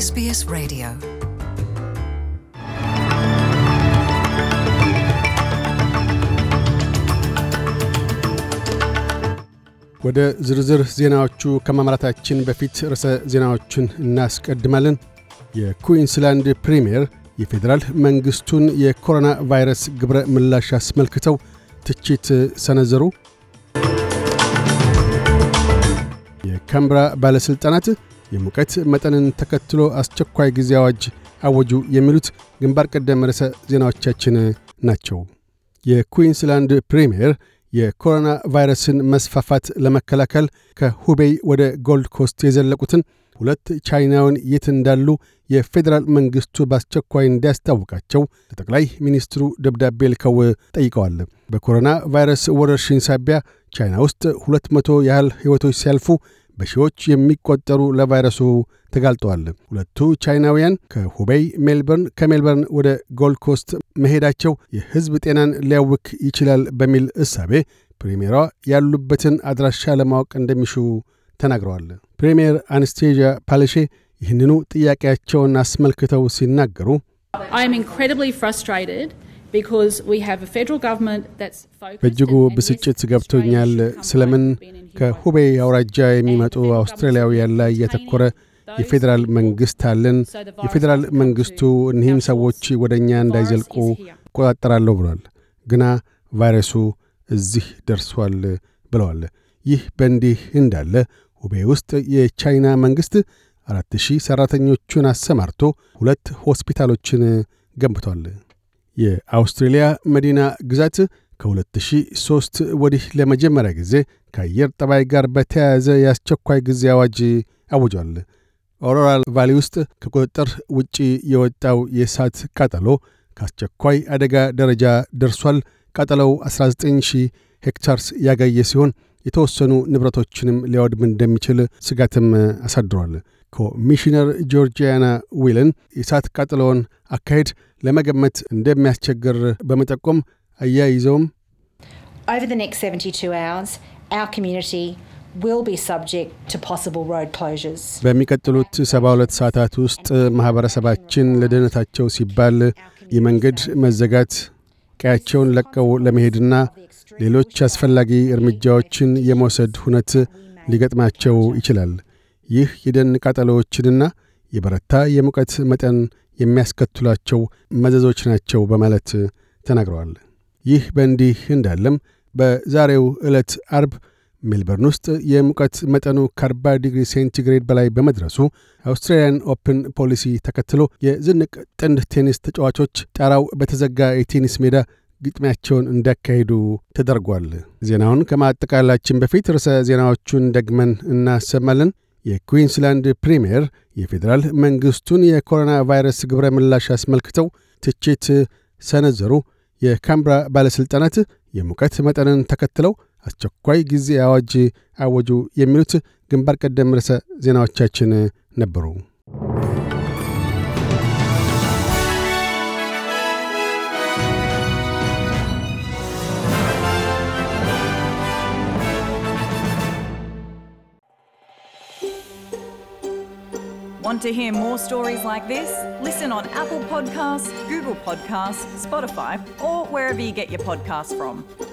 SBS Radio ወደ ዝርዝር ዜናዎቹ ከማምራታችን በፊት ርዕሰ ዜናዎቹን እናስቀድማለን። የኩዊንስላንድ ፕሪምየር የፌዴራል መንግሥቱን የኮሮና ቫይረስ ግብረ ምላሽ አስመልክተው ትችት ሰነዘሩ። የካምብራ ባለሥልጣናት የሙቀት መጠንን ተከትሎ አስቸኳይ ጊዜ አዋጅ አወጁ የሚሉት ግንባር ቀደም ርዕሰ ዜናዎቻችን ናቸው። የኩዊንስላንድ ፕሪምየር የኮሮና ቫይረስን መስፋፋት ለመከላከል ከሁቤይ ወደ ጎልድ ኮስት የዘለቁትን ሁለት ቻይናውን የት እንዳሉ የፌዴራል መንግሥቱ በአስቸኳይ እንዲያስታውቃቸው ለጠቅላይ ሚኒስትሩ ደብዳቤ ልከው ጠይቀዋል። በኮሮና ቫይረስ ወረርሽኝ ሳቢያ ቻይና ውስጥ ሁለት መቶ ያህል ሕይወቶች ሲያልፉ በሺዎች የሚቆጠሩ ለቫይረሱ ተጋልጠዋል። ሁለቱ ቻይናውያን ከሁቤይ ሜልበርን፣ ከሜልበርን ወደ ጎልድ ኮስት መሄዳቸው የሕዝብ ጤናን ሊያውክ ይችላል በሚል እሳቤ ፕሪምየሯ ያሉበትን አድራሻ ለማወቅ እንደሚሹ ተናግረዋል። ፕሪምየር አነስቴዥያ ፓለሼ ይህንኑ ጥያቄያቸውን አስመልክተው ሲናገሩ በእጅጉ ብስጭት ገብቶኛል። ስለምን ከሁቤ አውራጃ የሚመጡ አውስትራሊያውያን ላይ እያተኮረ የፌዴራል መንግሥት አለን። የፌዴራል መንግሥቱ እኒህን ሰዎች ወደ እኛ እንዳይዘልቁ እቆጣጠራለሁ ብሏል። ግና ቫይረሱ እዚህ ደርሷል ብለዋል። ይህ በእንዲህ እንዳለ ሁቤ ውስጥ የቻይና መንግሥት አራት ሺህ ሠራተኞቹን አሰማርቶ ሁለት ሆስፒታሎችን ገንብቷል። የአውስትሬልያ መዲና ግዛት ከ2003 ወዲህ ለመጀመሪያ ጊዜ ከአየር ጠባይ ጋር በተያያዘ የአስቸኳይ ጊዜ አዋጅ አውጇል። ኦሮራል ቫሊ ውስጥ ከቁጥጥር ውጪ የወጣው የእሳት ቃጠሎ ከአስቸኳይ አደጋ ደረጃ ደርሷል። ቃጠሎው 19 ሺህ ሄክታርስ ያገየ ሲሆን የተወሰኑ ንብረቶችንም ሊያወድም እንደሚችል ስጋትም አሳድሯል። ኮሚሽነር ጆርጂያና ዊልን የእሳት ቃጠሎውን አካሄድ ለመገመት እንደሚያስቸግር በመጠቆም አያይዘውም Over the next 72 hours, our community will be subject to possible road closures. በሚቀጥሉት 72 ሰዓታት ውስጥ ማህበረሰባችን ለደህንነታቸው ሲባል የመንገድ መዘጋት ቀያቸውን ለቀው ለመሄድና ሌሎች አስፈላጊ እርምጃዎችን የመውሰድ ሁነት ሊገጥማቸው ይችላል። ይህ የደን ቃጠሎዎችንና የበረታ የሙቀት መጠን የሚያስከትሏቸው መዘዞች ናቸው በማለት ተናግረዋል። ይህ በእንዲህ እንዳለም በዛሬው ዕለት አርብ ሜልበርን ውስጥ የሙቀት መጠኑ ከ40 ዲግሪ ሴንቲግሬድ በላይ በመድረሱ አውስትራሊያን ኦፕን ፖሊሲ ተከትሎ የዝንቅ ጥንድ ቴኒስ ተጫዋቾች ጣራው በተዘጋ የቴኒስ ሜዳ ግጥሚያቸውን እንዲያካሂዱ ተደርጓል። ዜናውን ከማጠቃላችን በፊት ርዕሰ ዜናዎቹን ደግመን እናሰማለን። የኩዊንስላንድ ፕሪምየር የፌዴራል መንግሥቱን የኮሮና ቫይረስ ግብረ ምላሽ አስመልክተው ትችት ሰነዘሩ። የካምብራ ባለሥልጣናት የሙቀት መጠንን ተከትለው አስቸኳይ ጊዜ አዋጅ አወጁ የሚሉት ግንባር ቀደም ርዕሰ ዜናዎቻችን ነበሩ። Want to hear more stories like this? Listen on Apple Podcasts, Google Podcasts, Spotify, or wherever you get your podcasts from.